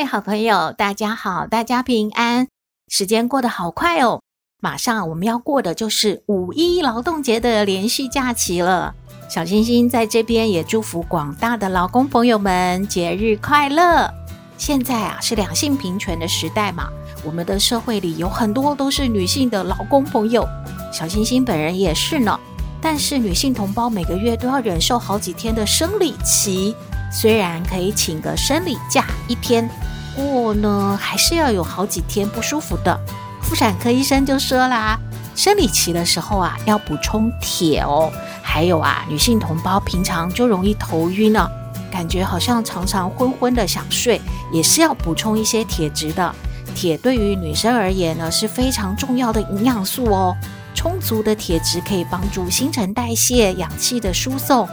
各位好朋友，大家好，大家平安。時間過得好快哦，馬上我們要過的就是五一勞動節的連續假期了。小星星在這邊也祝福廣大的勞工朋友們節日快樂。現在啊是兩性平權的時代嘛，我們的社會裡有很多都是女性的勞工朋友，小星星本人也是呢。但是女性同胞每個月都要忍受好幾天的生理期，雖然可以請個生理假一天。不過呢，還是要有好幾天不舒服的。婦產科醫生就說啦，生理期的時候啊，要補充鐵哦。還有啊，女性同胞平常就容易頭暈呢，感覺好像常常昏昏的想睡，也是要補充一些鐵質的。鐵對於女生而言呢，是非常重要的營養素哦。充足的鐵質可以幫助新陳代謝、氧氣的輸送、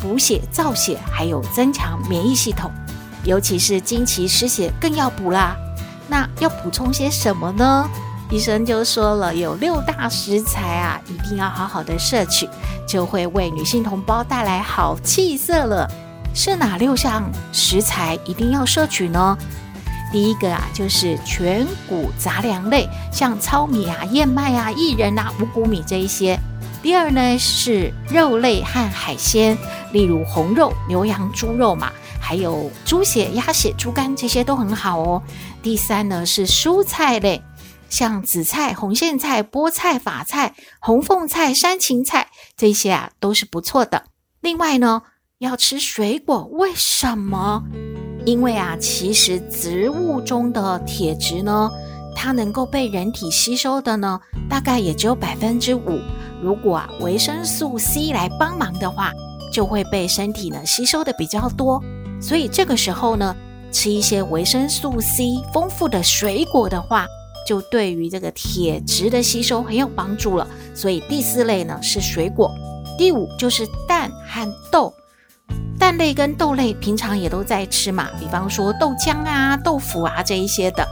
補血造血，還有增強免疫系統。尤其是經期失血更要補啦，那要補充些什麼呢？醫生就說了，有六大食材啊，一定要好好的攝取，就會為女性同胞帶來好氣色了。是哪六項食材一定要攝取呢？第一個啊，就是全穀雜糧類，像糙米啊、燕麥啊、薏仁啊、五穀米這一些。第二呢，是肉類和海鮮，例如紅肉、牛羊豬肉嘛。還有豬血、鴨血、豬肝這些都很好哦。第三呢，是蔬菜類，像紫菜、紅莧菜、菠菜、法菜、紅鳳菜、山芹菜這些啊都是不錯的。另外呢，要吃水果，為什麼？因為啊其實植物中的鐵質呢，它能夠被人體吸收的呢，大概也只有百分之五。如果啊維生素 C 來幫忙的話，就會被身體呢吸收的比較多。所以這個時候呢，吃一些維生素 C 豐富的水果的話，就對於這個鐵質的吸收很有幫助了。所以第四類呢是水果，第五就是蛋和豆，蛋類跟豆類平常也都在吃嘛，比方說豆漿啊、豆腐啊這一些的。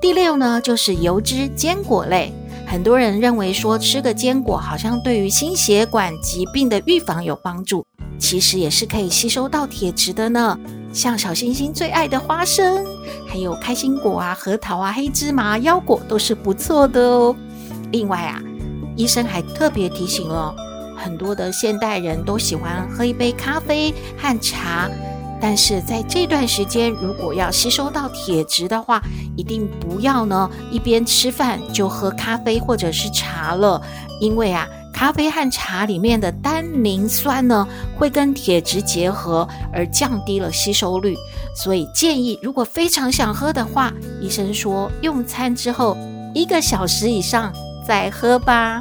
第六呢就是油脂堅果類。很多人認為說吃個堅果好像對於心血管疾病的預防有幫助，其實也是可以吸收到鐵質的呢。像小星星最愛的花生，還有開心果啊、核桃啊、黑芝麻、腰果都是不錯的哦。另外啊，醫生還特別提醒了哦，很多的現代人都喜歡喝一杯咖啡和茶。但是在這段時間，如果要吸收到鐵質的話，一定不要呢一邊吃飯就喝咖啡或者是茶了，因為啊，咖啡和茶裡面的單寧酸呢會跟鐵質結合，而降低了吸收率。所以建議，如果非常想喝的話，醫生說用餐之後一個小時以上再喝吧。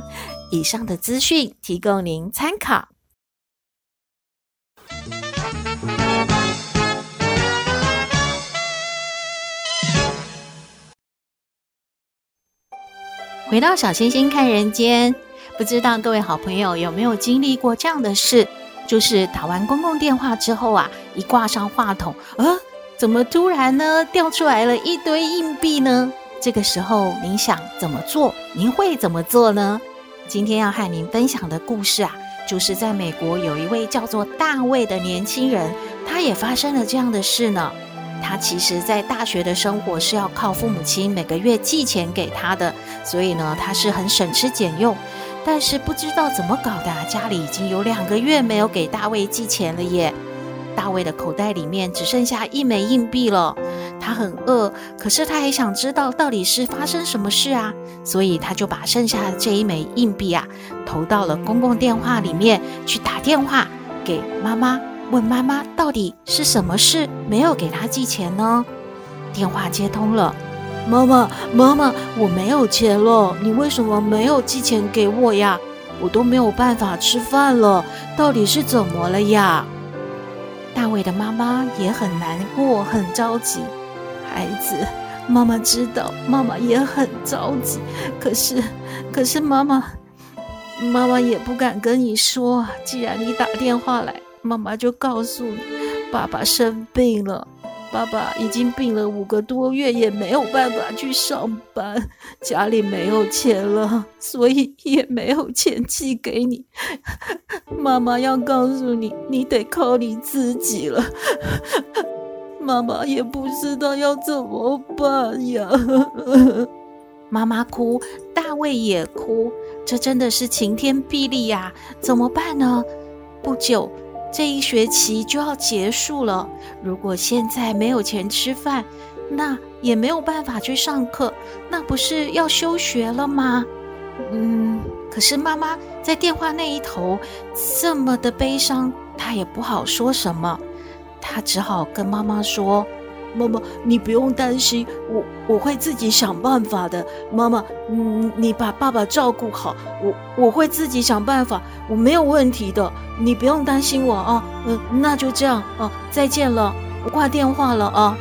以上的資訊提供您參考。回到小星星看人間，不知道各位好朋友有沒有經歷過這樣的事，就是打完公共電話之後啊，一掛上話筒，呃、啊，怎麼突然呢掉出來了一堆硬幣呢？這個時候您想怎麼做？您會怎麼做呢？今天要和您分享的故事啊，就是在美國有一位叫做大衛的年輕人，他也發生了這樣的事呢。他其實，在大學的生活是要靠父母親每個月寄錢給他的，所以呢，他是很省吃儉用。但是不知道怎麼搞的，家裡已經有兩個月沒有給大衛寄錢了耶。大衛的口袋裡面只剩下一枚硬幣了，他很餓，可是他還想知道到底是發生什麼事啊，所以他就把剩下的這一枚硬幣啊，投到了公共電話裡面去打電話給媽媽。問媽媽到底是什麼事沒有給他寄錢呢？電話接通了，媽媽，媽媽，我沒有錢了，你為什麼沒有寄錢給我呀？我都沒有辦法吃飯了，到底是怎麼了呀？大衛的媽媽也很難過，很着急。孩子，媽媽知道，媽媽也很着急，可是，可是媽媽，媽媽也不敢跟你說，既然你打電話來。媽媽就告訴你，爸爸生病了，爸爸已經病了五個多月，也沒有辦法去上班，家裡沒有錢了，所以也沒有錢寄給你。媽媽要告訴你，你得靠你自己了。媽媽也不知道要怎麼辦呀。媽媽哭，大衛也哭，這真的是晴天霹靂呀！怎麼辦呢？不久。這一學期就要結束了，如果現在沒有錢吃飯，那也沒有辦法去上課，那不是要休學了嗎？嗯，可是媽媽在電話那一頭這麼的悲傷，她也不好說什麼，她只好跟媽媽說。媽媽，你不用擔心我，我會自己想辦法的。媽媽，你，你把爸爸照顧好，我我會自己想辦法的。媽媽，你，你把爸爸照顧好，我我會自己想辦法，我沒有問題的，你不用擔心我啊。嗯、呃，那就這樣啊，再見了，我掛電話了啊。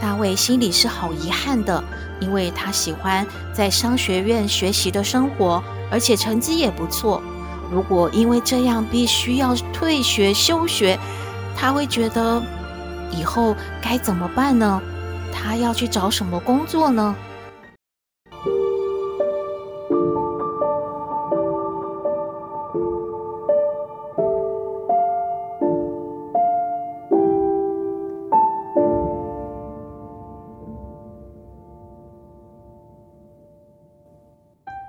大衛心裡是好遺憾的，因為他喜歡在商學院學習的生活，而且成績也不錯。如果因為這樣必須要退學休學，他會覺得。以後該怎麼辦呢？他要去找什麼工作呢？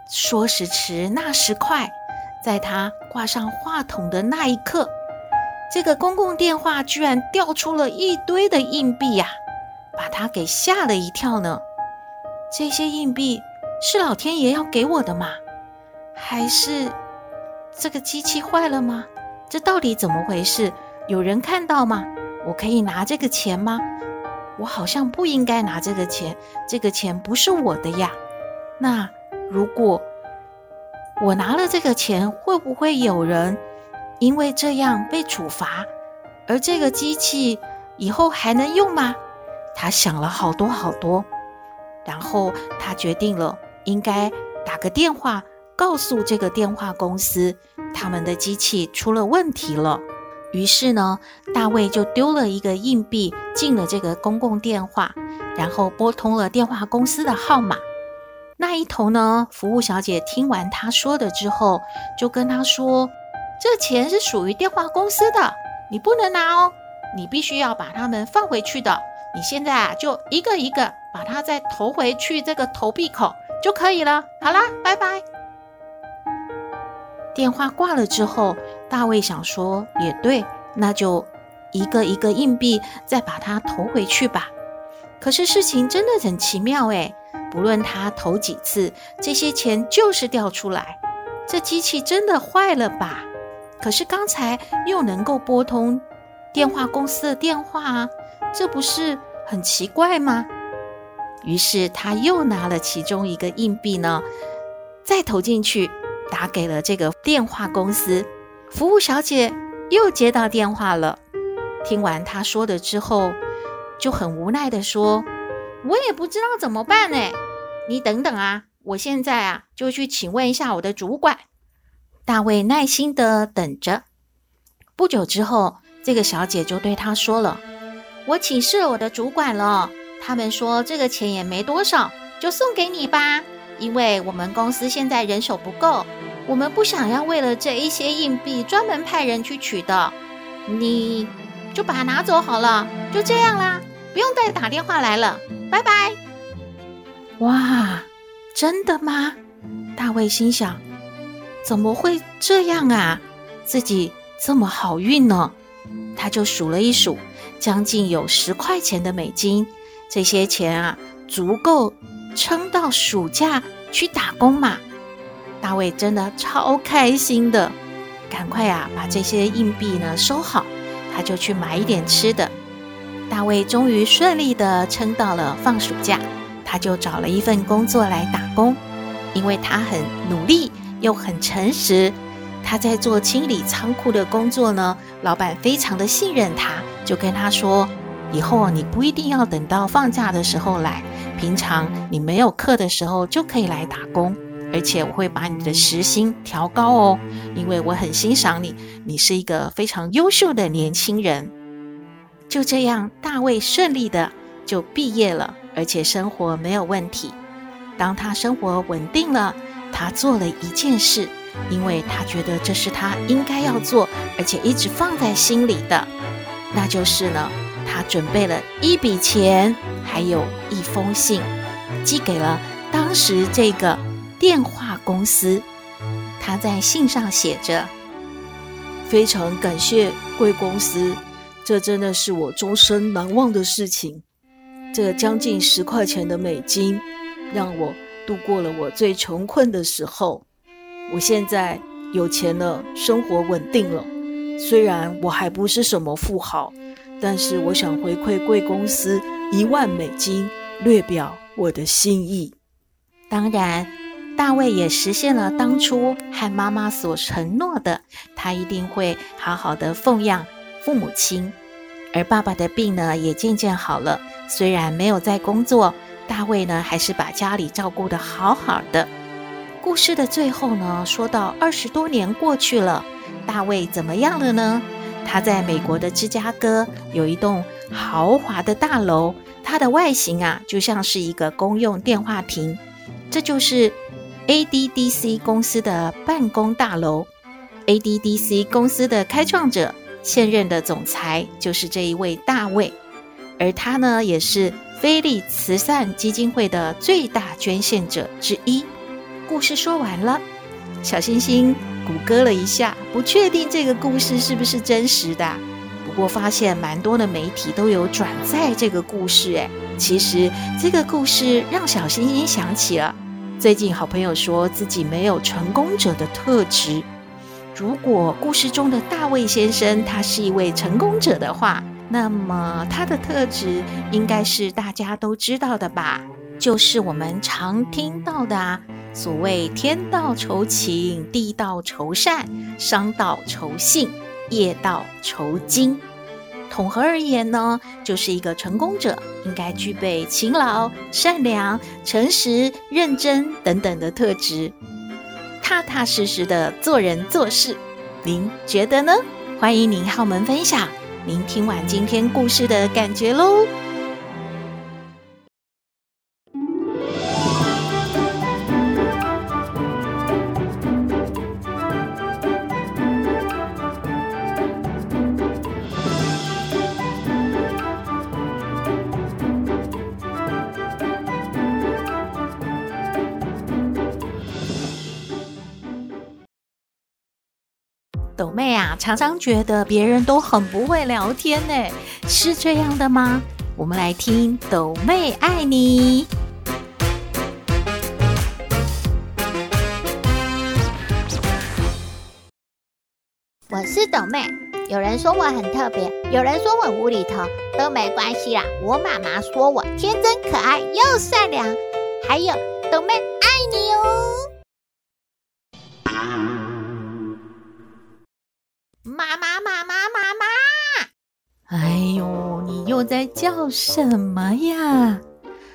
說時遲，那時快，在他掛上話筒的那一刻。這個公共電話居然掉出了一堆的硬幣呀，把他給嚇了一跳呢。這些硬幣是老天爺要給我的嗎？還是這個機器壞了嗎？這到底怎麼回事？有人看到嗎？我可以拿這個錢嗎？我好像不應該拿這個錢，這個錢不是我的呀。那如果我拿了這個錢，會不會有人？因為這樣被處罰，而這個機器以後還能用嗎？他想了好多好多，然後他決定了，應該打個電話告訴這個電話公司，他們的機器出了問題了。於是呢，大衛就丟了一個硬幣進了這個公共電話，然後撥通了電話公司的號碼。那一頭呢，服務小姐聽完他說的之後，就跟他說，這錢是屬於電話公司的，你不能拿哦，你必須要把它們放回去的。你現在啊，就一個一個把它再投回去這個投幣口就可以了。好啦，拜拜。電話掛了之後，大衛想說也對，那就一個一個硬幣再把它投回去吧。可是事情真的很奇妙誒，不論他投幾次，這些錢就是掉出來。這機器真的壞了吧？可是剛才又能夠撥通電話公司的電話啊，這不是很奇怪嗎？於是他又拿了其中一個硬幣呢，再投進去，打給了這個電話公司。服務小姐又接到電話了，聽完他說的之後，就很無奈的說：“我也不知道怎麼辦呢。你等等啊，我現在啊就去請問一下我的主管。”大衛耐心的等着。不久之後，這個小姐就對他說了：“我請示我的主管了，他們說這個錢也沒多少，就送給你吧。因為我們公司現在人手不夠，我們不想要為了這一些硬幣專門派人去取的。你就把它拿走好了，就這樣啦，不用再打電話來了。拜拜。”哇，真的嗎？大衛心想。怎麼會這樣啊？自己這麼好運呢？他就數了一數，將近有十塊錢的美金。這些錢啊，足夠撐到暑假去打工嘛。大衛真的超開心的，趕快啊，把這些硬幣呢收好。他就去買一點吃的。大衛終於順利的撐到了放暑假，他就找了一份工作來打工，因為他很努力。又很誠實，他在做清理倉庫的工作呢。老闆非常的信任他，就跟他說：“以後你不一定要等到放假的時候來，平常你沒有課的時候就可以來打工，而且我會把你的時薪調高哦，因為我很欣賞你，你是一個非常優秀的年輕人。”就這樣，大衛順利的就畢業了，而且生活沒有問題。當他生活穩定了，他做了一件事，因為他覺得這是他應該要做，而且一直放在心裡的，那就是呢，他準備了一筆錢，還有一封信，寄給了當時這個電話公司。他在信上寫着：“非常感謝貴公司，這真的是我終身難忘的事情。這將近十塊錢的美金，讓我，”度過了我最窮困的時候，我現在有錢了，生活穩定了。雖然我還不是什麼富豪，但是我想回饋貴公司一萬美金，略表我的心意。當然，大衛也實現了當初和媽媽所承諾的，他一定會好好的奉養父母親。而爸爸的病呢，也漸漸好了，雖然沒有在工作。大衛呢，還是把家裡照顧得好好的。故事的最後呢，說到二十多年過去了，大衛怎麼樣了呢？他在美國的芝加哥有一棟豪華的大樓，它的外形啊，就像是一個公用電話亭。這就是 ADDC 公司的辦公大樓。ADDC 公司的開創者，現任的總裁就是這一位大衛。而他呢，也是菲利慈善基金會的最大捐獻者之一。故事說完了，小星星谷歌了一下，不確定這個故事是不是真實的。不過發現蠻多的媒體都有轉載這個故事。誒。其實這個故事讓小星星想起了最近好朋友說自己沒有成功者的特質。如果故事中的大衛先生他是一位成功者的話。那麼，他的特質應該是大家都知道的吧？就是我們常聽到的啊，所謂“天道酬勤，地道酬善，商道酬信，業道酬精”，統合而言呢，就是一個成功者應該具備勤勞、善良、誠實、認真等等的特質，踏踏實實的做人做事。您覺得呢？歡迎您和我們分享。您聽完今天故事的感覺嘍。斗妹啊，常常覺得別人都很不會聊天呢，是這樣的嗎？我們來聽斗妹愛你。我是斗妹，有人說我很特別，有人說我無厘頭，都沒關係啦。我媽媽說我天真可愛又善良，還有斗妹愛你哦。哎呦，你又在叫什麼呀？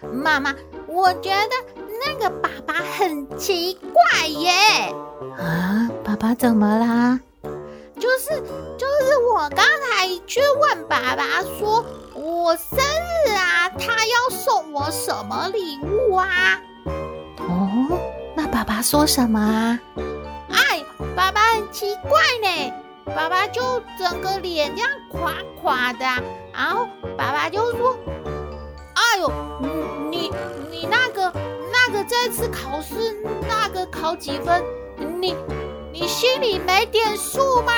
媽媽，我覺得那個爸爸很奇怪耶。啊，爸爸怎麼啦？就是就是，我剛才去問爸爸說，說我生日啊，他要送我什麼禮物啊？哦，那爸爸說什麼啊？哎，爸爸很奇怪呢。爸爸就整個臉這樣垮垮的，然後爸爸就說：“哎呦，你你你那個那個這次考試那個考幾分？你你心裡沒點數嗎？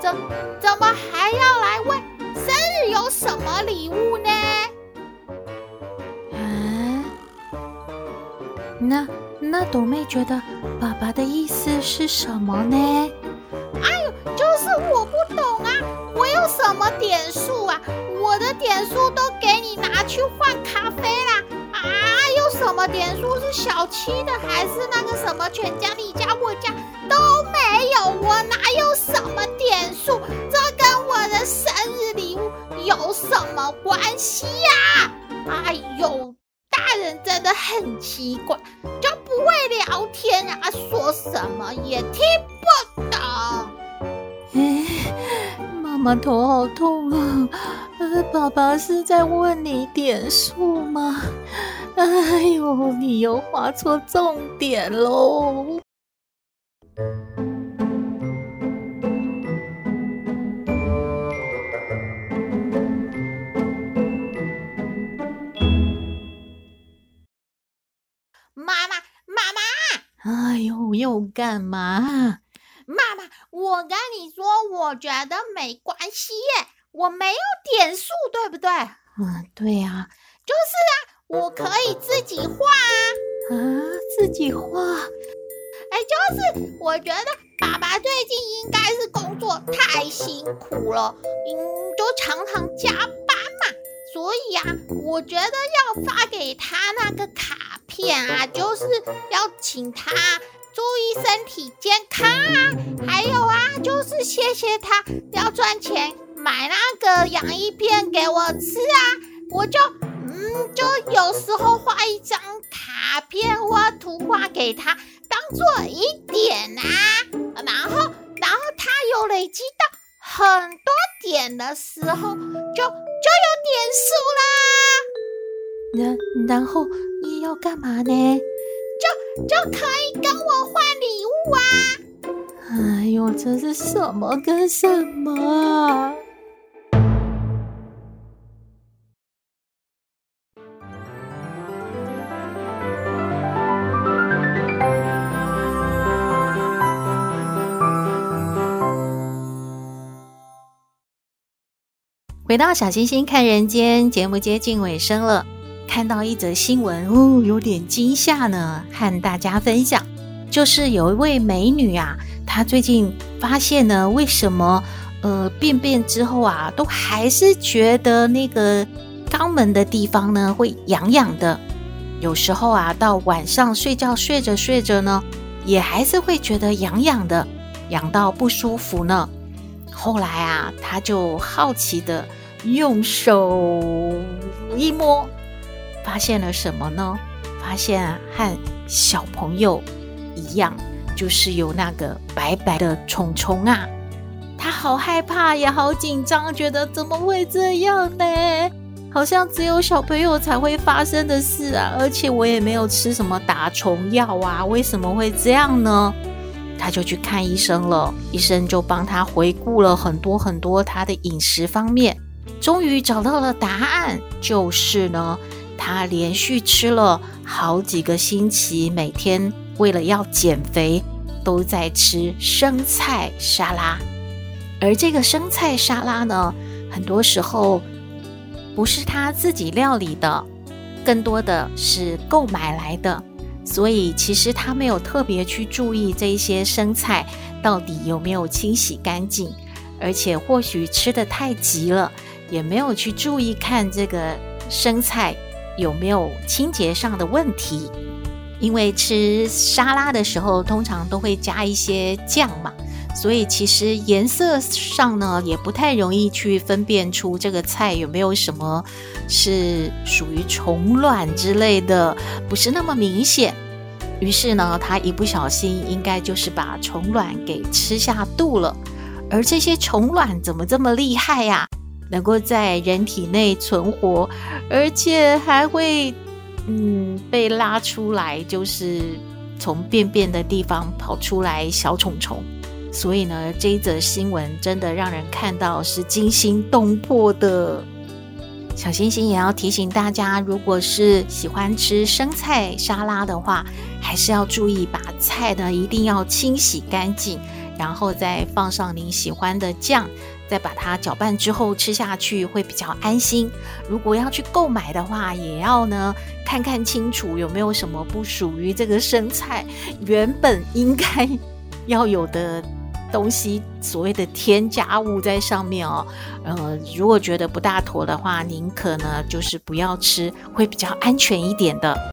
怎怎麼還要來問生日有什麼禮物呢？”嗯，那那斗妹覺得爸爸的意思是什麼呢？點數啊！我的點數都給你拿去換咖啡啦。啊！有什麼點數是小七的，還是那個什麼全家？你家我家都沒有，我哪有什麼點數？這跟我的生日禮物有什麼關係呀，啊？哎呦，大人真的很奇怪，就不會聊天啊，說什麼也聽不懂。媽媽，頭好痛啊！爸爸是在問你點數嗎？哎呦，你又劃錯重點嘍！媽媽，媽媽！哎呦，又幹嘛？媽媽，我跟你說，我覺得沒關係，我沒有點數，對不對？嗯，對呀，啊，就是啊，我可以自己畫啊。啊，自己畫？哎，就是，我覺得爸爸最近應該是工作太辛苦了，嗯，就常常加班嘛，所以啊，我覺得要發給他那個卡片啊，就是要請他。注意身體健康啊！還有啊，就是謝謝他要賺錢買那個洋芋片給我吃啊！我就嗯，就有時候畫一張卡片或圖畫給他當做一點啊，然後然後他有累積到很多點的時候，就就有點數啦。然然後你要幹嘛呢？就可以跟我換禮物啊！哎呦，這是什麼跟什麼啊？回到小星星看人間，節目接近尾聲了。看到一則新聞哦，有點驚嚇呢，和大家分享，就是有一位美女啊，她最近發現呢，為什麼呃便便之後啊，都還是覺得那個肛門的地方呢會癢癢的，有時候啊到晚上睡覺睡着睡着呢，也還是會覺得癢癢的，癢到不舒服呢。後來啊，她就好奇的用手一摸。發現了什麼呢？發現啊，和小朋友一樣，就是有那個白白的蟲蟲啊，他好害怕呀，也好緊張，覺得怎麼會這樣呢？好像只有小朋友才會發生的事啊，而且我也沒有吃什麼打蟲藥啊，為什麼會這樣呢？他就去看醫生了，醫生就幫他回顧了很多很多他的飲食方面，終於找到了答案，就是呢。他連續吃了好幾個星期，每天為了要減肥，都在吃生菜沙拉。而這個生菜沙拉呢，很多時候不是他自己料理的，更多的是購買來的。所以其實他沒有特別去注意這些生菜到底有沒有清洗乾淨，而且或許吃得太急了，也沒有去注意看這個生菜。有沒有清潔上的問題？因為吃沙拉的時候，通常都會加一些醬嘛，所以其實顏色上呢，也不太容易去分辨出這個菜有沒有什麼是屬於蟲卵之類的，不是那麼明顯。於是呢，他一不小心應該就是把蟲卵給吃下肚了。而這些蟲卵怎麼這麼厲害呀、啊？能夠在人體內存活，而且還會嗯被拉出來，就是從便便的地方跑出來小蟲蟲。所以呢，這一則新聞真的讓人看到是驚心動魄的。小星星也要提醒大家，如果是喜歡吃生菜沙拉的話，還是要注意把菜呢一定要清洗乾淨，然後再放上您喜歡的醬。再把它攪拌之後吃下去會比較安心。如果要去購買的話，也要呢看看清楚有沒有什麼不屬於這個生菜原本應該要有的東西，所謂的添加物在上面哦。呃，如果覺得不大妥的話，寧可呢就是不要吃，會比較安全一點的。